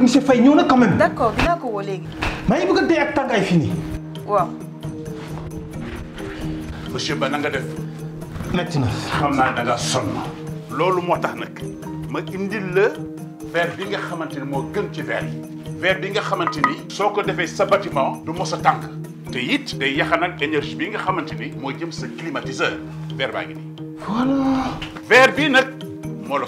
monsieur Faye ñëw na quand même. d'accord dinaa ko woo léegi. maa ngi bëgg dee ak tàngaay fii nii. waaw. Ba na nga def. metti na. xam loolu moo tax nag ma indi la verre bi nga xamante ni moo gën ci verre yi. verre bi nga xamante ni. soo ko defee sa bâtiment du mos a tànk. te it day yaxanal énergie bi nga xamante ni. moo jëm sa climatiseur verre baa ngi nii. voilà. verre bii nag moo la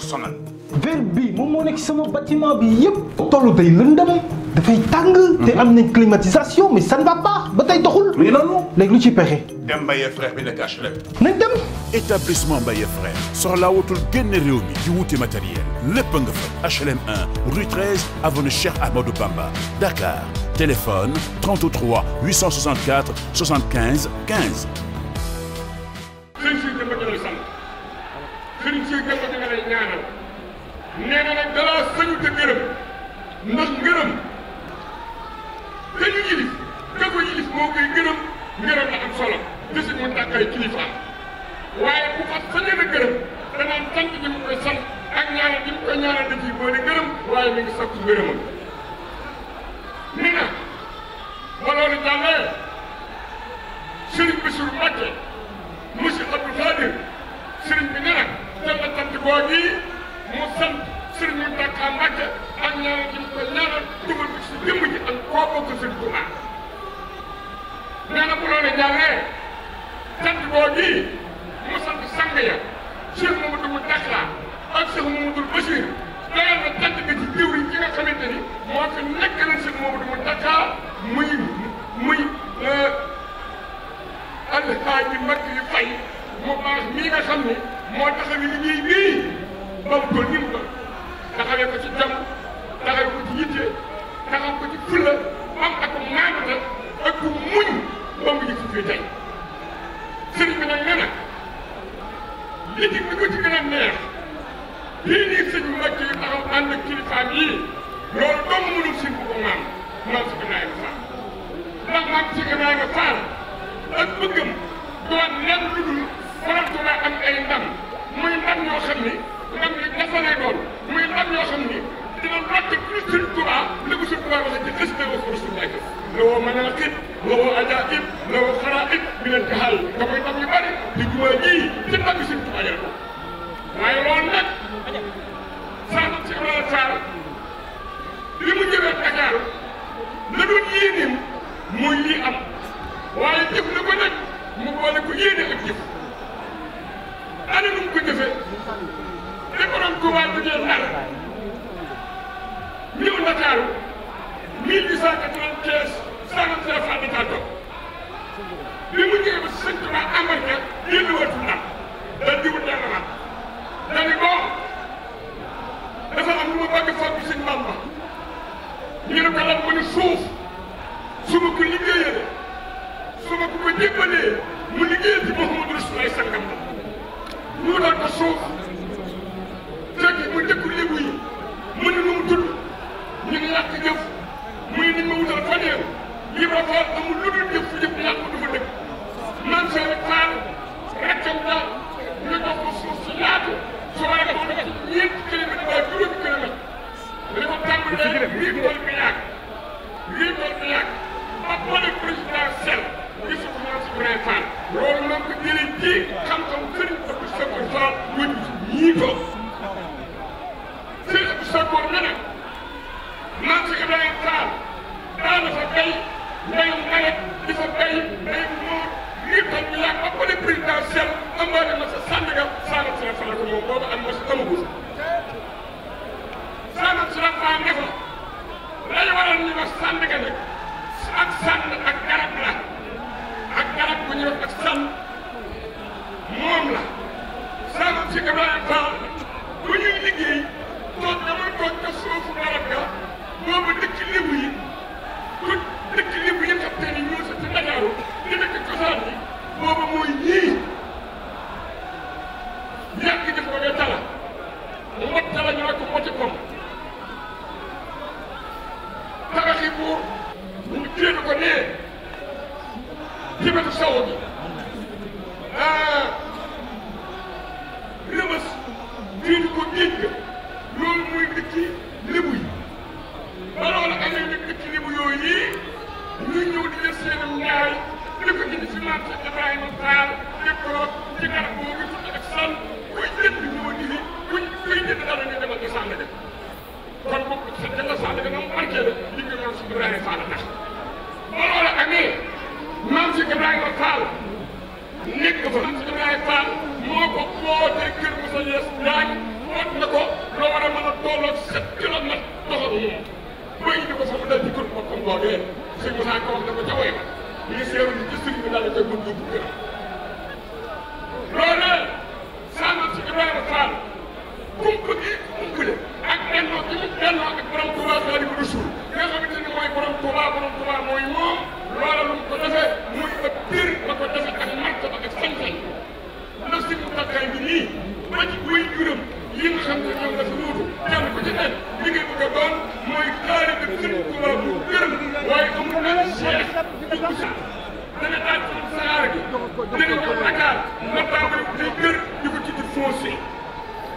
verre bii moom moo nekk sama bâtiment bi yëpp. tollu day lëndëm dafay tàng. te mhm. am climatisation mais ça ne va ba tey doxul. le noonu. léegi lu ci pexe. dem Mbaye frère bi nekk HLM. nañ dem. établissement Mbaye frère soxlaa wutul génn réew mi di wuti matériel lépp nga fa HLM 1 rue 13 avenue Cheikh Amadou Bamba Dakar téléphone 33 864 75 15. ndax ngërëm dañu yilif da ko yilif moo koy gërëm ngërëm la am solo gisuñ mu tàkkay kilifa waaye ku fas sa leen a gërëm danaan sant ñi mu koy sant ak ñaanal ñi mu koy ñaanal da ciy boole gërëm waaye mi ngi sakku ngërëmam nee na ba loolu jàllee bi sur Mbàkke monsieur Abdou bi nee na jël na sant googu mu sant sëriñ mu tàkkaa ak ñaanal di ko ñaanal dugal ko ci jëmm nee na bu loolu jàllee sant boo gii mu sant sang ya Cheikh Mamadou Dakhla ak Cheikh Mamadou Bachir dayal na sant bi ci jiw yi nga xamante ni moo fi nekk na Cheikh Mamadou Dakhla muy muy euh, alxaaji Mbacke yu fay mu baax mii nga xam ni moo taxaw ni liggéey bii ba mu toll ni mu toll taxawee ci jàmm taxaw ko ci yitte am ak maandu la ak ku muñ moom ngi ci fii tey sëriñ bi nag nee na li neex lii nii sëñ Mbacke yu taxaw ànd ak kilifaam yii loolu dong mënul si ko maam maam si gën a a yem faam ak bëggam doon lenn lu am ay muy ndam ñoo xam ni ndam li muy ndam ñoo xam dina ràcc plus Sëriñ Tuuba li ko Sëriñ Tuuba wax ci xës na wax Rasulullah lawoo manaqib lawoo ajaib lawoo xaraib min al-jahal nga koy tam ñu bari di juma ji ci tàgg Sëriñ Tuuba ko waaye loolu nag sax ci Ibrahima li mu ñëwee Dakar la doon yéeneem mooy lii am waaye jëf na ko nag mu boole ko yéene ak jëf ana nu mu ko jëfee ñëw Ndakaaru 1895 59 ans di tàggatoo bi mu ñëwee ba sëñ Tuba amal na génn wëtu ndax dañ di wut dara waat dañu ko dafa am lu ma bëgg foog sëñ Bamba ñu ne ko mu ne suuf su ma ko liggéeyee su ma ko ko jébbalee mu liggéeyee ci Mouhamadou Rasulullah sangam mu doon suuf. Fall amul lu dul jëf jëf yàq dëkk man Sori Fall rakkam la ñu jox ko suuf yaatu su ma defoon dafa ñeenti kilomètre ba juróomi kilomètre dafa tàmbalee huit vol bi yàgg huit vol bi yàgg ba pare présidentiel gisu ko man Sori Fall loolu moom ko jëlee ji xam-xam sëriñ ko du sa ko toog ñii toog am naa ne man sax sànni nga sànni si la ko moom boobu am na si amaguñ jëmale sowu bi rëbës diitu ko géej loolu muy dëkk lébu yi ba loolu amee nag dëkk lébu yooyu yii ñu di jël seen njaay di ko indi ci maam Cheikh Ibrahima Fall teg ko ci garab boobu ak sal kuy jënd ñoo di fi kuy kuy jënd dara nga demal nga sànni dem kon bokk sa jënd sànni nga moom barkeel la li nga doon suñu Ibrahima Fall tax. Ibrahima nekk fa Ibrahima Fall moo ko woote kër ko fa mu ci kër ba ñu seeru ni ci sëñ bi daal koy mën yóbbu ak delloo gi mu delloo ak borom Tuubaa Xaadimu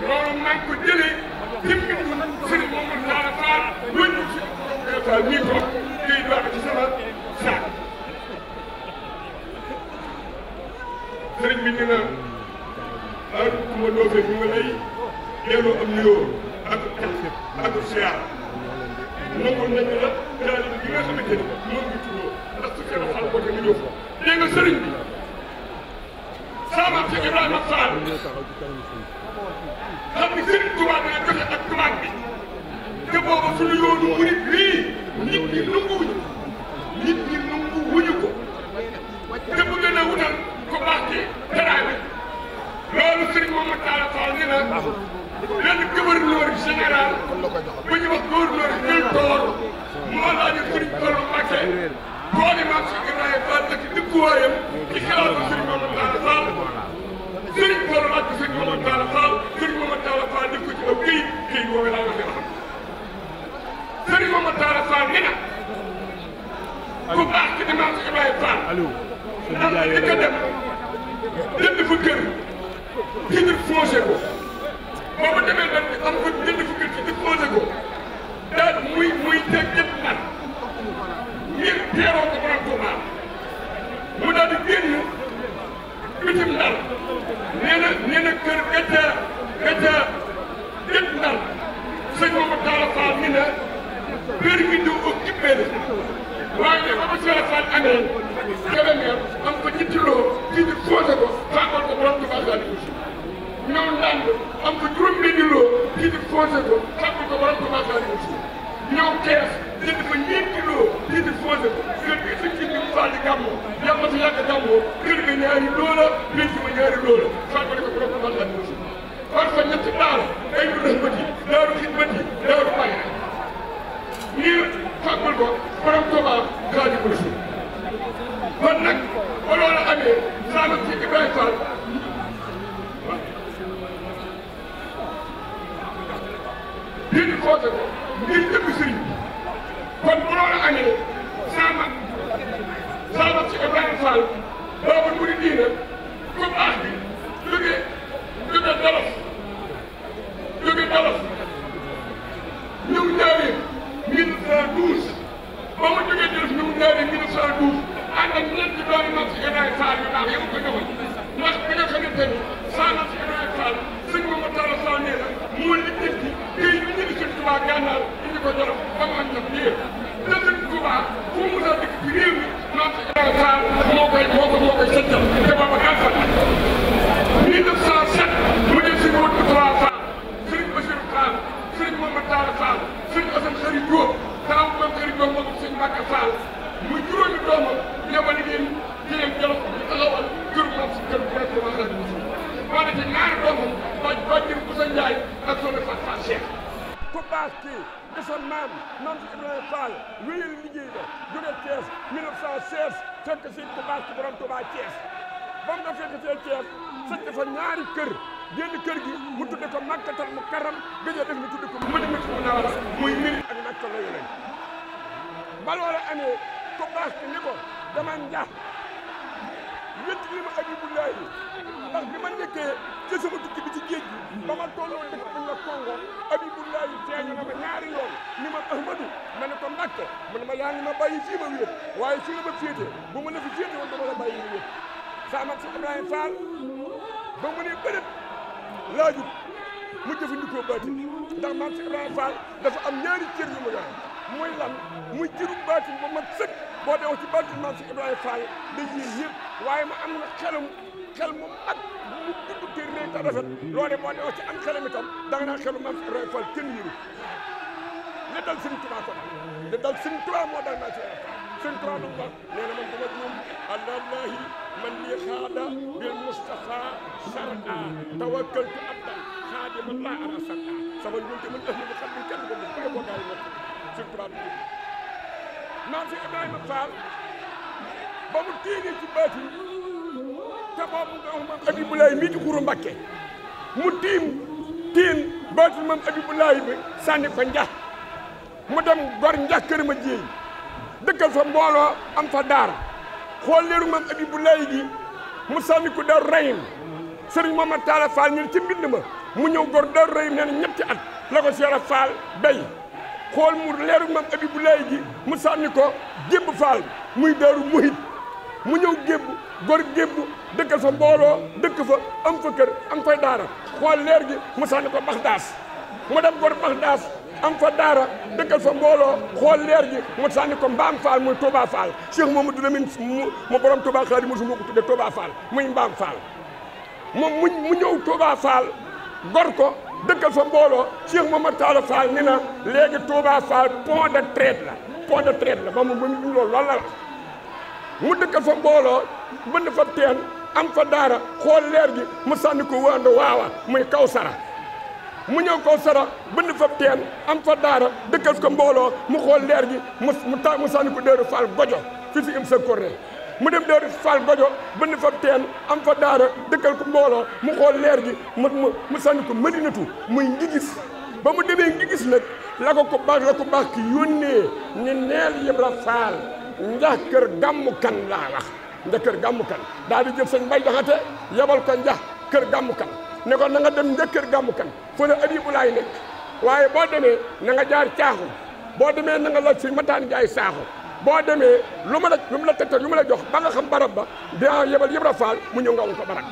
loolu maa ngi ko jëlee jëm ci sëriñ Mamadou Diarra Fall wëññi si Fall mii ko kii dox ci sama saak. ku ma doofee ñu nga lay delloo am nuyoo ak ak siyaar nangoon nañu la daal di nga xamante ni moom la ñu tuddoo ndax su fekkee xaalis bi. Ibrahima Fall xam ni sëriñ Tuubaa dina joxe ak tubaab bi te booba suñu yoonu murit bii nit ñi nanguwuñu nit ñi nanguwuñu ko te bu gën a wutal ko baax ci dara bi loolu sëriñ Mamadou Talla Fall ni na benn gouverneur général bu ñu wax gouverneur Ndoye Dior moo laajee sëriñ Fallou Mbacké boole maam si Ibrahima Fall ak Aliou. ndax li ko dem jënd fa jënd foosé ko boo ko demee nag am jënd fa kër jënd ko daal muy muy teg ñett naan ngir teeroo ko borom Touba mu daal di génn bitim Ndar nee na nee na kër gànca gànca ñett Ndar sëñ Mamadou Talla Fall ni na permis d'occuper waaye ba ko Talla Fall amee forcé ko tàngoor ko borom ci fàggaat bi aussi ñëw ndànk am ko juróom benni loo di forcé ko tàngoor ko borom ci fàggaat bi aussi ñëw kees jënd fa di forcé di faal di gàmmoo yàlla sa yàgg gàmmoo kër ga ñaari loo la si ma ñaari loo la tàngoor ko borom ci fàggaat bi aussi par fa ñetti daal ay lu def bët daaru xit bët yi daaru pay ngir tàngoor ko borom ko baax gaadi ko si kon nag ba loolu waxtaanam ci Ibrahima Fall bind foote ko ngir jëmm sëriñ kon bu loolu amee sama sama ci Ibrahima Fall boobu mu di diina saanam si Ibrahima Fall sëñ Mamadou Talla Fall nee na moo lijjanti këy bi ñëw sëñ Touba gànnaar indi ko Jolof ba mu am jot lii te sëñ Touba fu mu mën a dëkk ci réew mi maam si Ibrahima Fall moo koy moo ko moo koy sëñtal te booba gàtt fa 1907 mu dem sëñ Mamadou Talla Fall sëñ Bassirou Fall sëñ Mamadou Talla Fall sëñ Assane Xëri Diop daaw moom Xëri Diop moom sëñ Mbacke Fall Abbas kii di sa maam maam si Ibrahima Fall wéyal liggéey ba jóge Thiès 1916 fekk si Tuubaa ci borom Tuubaa Thiès ba mu nga fekk see Thiès sëkk fa ñaari kër génn kër gi mu tudde ko Makkatal mu karam gëj a def mu tudde ko Madinatul Munawwara muy mbir ak Makka la yore ba loola amee ko baax ki ni ko dama njax wetti li ma Habiboulahi ndax bi ma nekkee ca sama tukki bi ci géej gi ba ma tolloo dëkk bañ la Congo Habiboulahi feeñu na ma ñaari yoon ni ma Ahmadou ma ne ko Mbàkke mu ne ma yaa ngi ma bàyyi fii ma wéet waaye fii la ma féete bu ma fi féete woon dama la bàyyi ma wéet saa mag si Ibrahima Fall ba mu ne bërëb laajut mu jëfandikoo baati ndax mag si Ibrahima Fall dafa am ñaari cër yu mu yor muy lan muy cëru baati ba sëkk boo demoo ci bâtiment si Ibrahima Fall dañuy yëg waaye ma am na xelum xel mu mag mu gudd te rëy te rafet loolee boo demoo ci am xelam itam da nga naan xelu maam si Ibrahima Fall kenn yëru li dal Sëñ Tuubaa ko li dal Sëñ Tuubaa moo si Ibrahima Fall Sëñ Tuubaa nag wax nee na man dama juum allahi man li xaada bil Mustafa sar'a tawakkaltu abdan xaadiman laa ara sar'a sama njuumte man def na mu xam ne kenn ko mu bàyyi boo daal wax Sëñ Tuubaa maam si Ibrahima Fall ba mu téegee ci baatin te boobu nga xam moom Abibulaay mii di xuru mu tiim tiim baatin moom Abibulaay bi sànni ko njax mu dem gor njax kër ma jéey dëkkal fa mbooloo am fa daara xool leeru moom Abibulaay gi mu sànni ku dar rayim sëriñ ma Talla Fall ñu ci mbind ma mu ñëw gor dar rayim nee na ñetti at la ko seera Fall bay xool mu leeru mam Abibulaay ji mu sànni ko gébb faal muy daaru muhit mu ñëw gébb gor gébb dëkkal fa mbooloo dëkk fa am fa kër am fay daara xool leer gi mu sànni ko Baxdaas mu dem gor Baxdaas am fa daara dëkkal fa mbooloo xool leer gi mu sànni ko mbaam faal muy Touba Fall Cheikh Mamadou Lamine mu borom Touba Xaadimu mu moo ko tudde Touba Fall muy mbaam faal moom mu ñëw Touba Fall gor ko dëkkal fa mbooloo Cheikh ma Talla Fall ni na léegi Touba Fall pont de la pont de traite la moom mu loolu loolu la wax mu dëkkal fa mbooloo bënd fa teen am fa daara xool leer gi mu sànni ko waando waawa muy Kawsara mu ñëw Kawsara bënd fa teen am fa daara dëkkal ko mbooloo mu xool leer gi mu mu sànni ko déeru Fall gojo fi fi im sa mu dem dooru fal gojo bënn fa teen am fa daara dëkkal ko mbooloo mu xool leer gi mu mu mu sànni ko madinatu muy ngigis ba mu demee ngigis nag la ko ko baax la ko baax ki yónnee ni neel Ibra Faal njax kër gàmmu kan laa wax kër gàmmu kan daal di jël sëñ bay jaxate yabal ko njax kër gàmmu kan ne ko na nga dem njax kër gàmmu kan fële Abibulaay nekk waaye boo demee na nga jaar caaxu boo demee na nga laaj si mataan jaay saaxu boo demee lu ma la lu ma la tegtal lu ma la jox ba nga xam barab ba dinaa yebal Ibra Faal mu ñëw nga won ko barab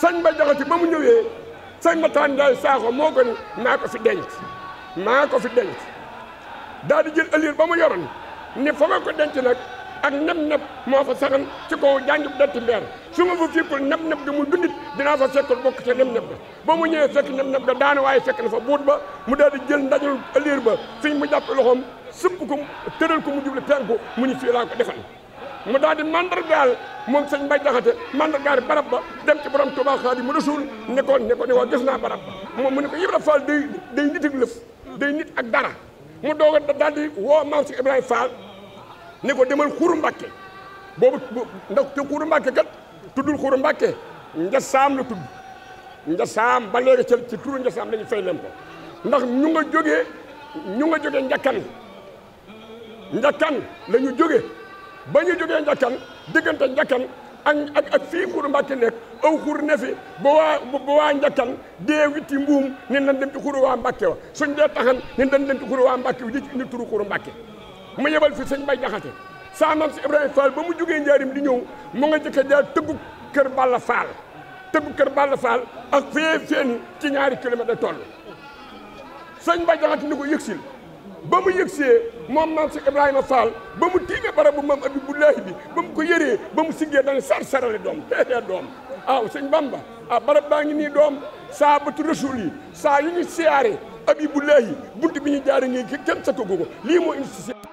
sëñ ba jaxati ba mu ñëwee sëñ ba tàndaay saaxo moo ko ni maa ko fi denc maa ko fi denc daal di jël ëllëg ba mu yoroon ni fa nga ko denc nag ak neb-neb moo fa saxan ci kaw janjub detti mbeer su ma fa fippul neb-neb ga mu dundit dinaa fa fekkal bokk ca neb-neb ga ba mu ñëwee fekk neb-neb ga daana waaye fekk na fa buut ba mu daal di jël ndajul ëllëg ba fiñ mu jàpp loxoom sëpp ko tëral ko mu jublu teer ko mu ñu fii laa ko defal mu daal di mandargaal moom sëñ Mbay Jaxate mandargaal barab ba dem ci borom Tuubaa Xaadimu Rasuul ne ko ne ko ne waa naa barab ba moom mu ne ko Ibra Fall day day nit ak lëf nit ak dara mu doog a daal di woo maam si Ibrahima Fall ne ko demal Xuuru Mbàkke boobu ndax te Xuuru Mbàkke kat tuddul Xuuru Mbàkke saam la tudd Njasaam ba léegi ci turu Njasaam la ñu fay leen ko ndax ñu nga jógee ñu nga jógee njakkan njakkan la ñu jóge ba ñu jógee njakkan diggante njakkan ak ak ak fii xur Mbàkke nekk aw xur ne fi ba waa ba waa njakkan dee witti mbuum nen dañ dem ci xuru waa Mbàkke wa suñ dee taxan nen dañ dem ci xuru waa Mbàkke wi di ci turu xuru Mbàkke mu fi sëñ Bay Jaxate saa maam si Ibrahima Fall ba mu jógee njaarim di ñëw mu nga jëkka jaar tëbbu kër Balla Fall tëbbu kër Balla Fall ak fee feeni ci ñaari kilomètre toll sëñ Bay Jaxate ni ko yëgsil ba mu yëgsee moom maam si Ibrahima Fall ba mu tiimee bara bu maam Abibulahi bi ba mu ko yëree ba mu siggee danga sar sarale doom teexee doom aw sëñ Bamba a barab baa ngi nii doom saa batu rasul yi saa yu ñu siyaare Abibulahi bunt bi ñu jaare ngi kenn sa ko lii moo indi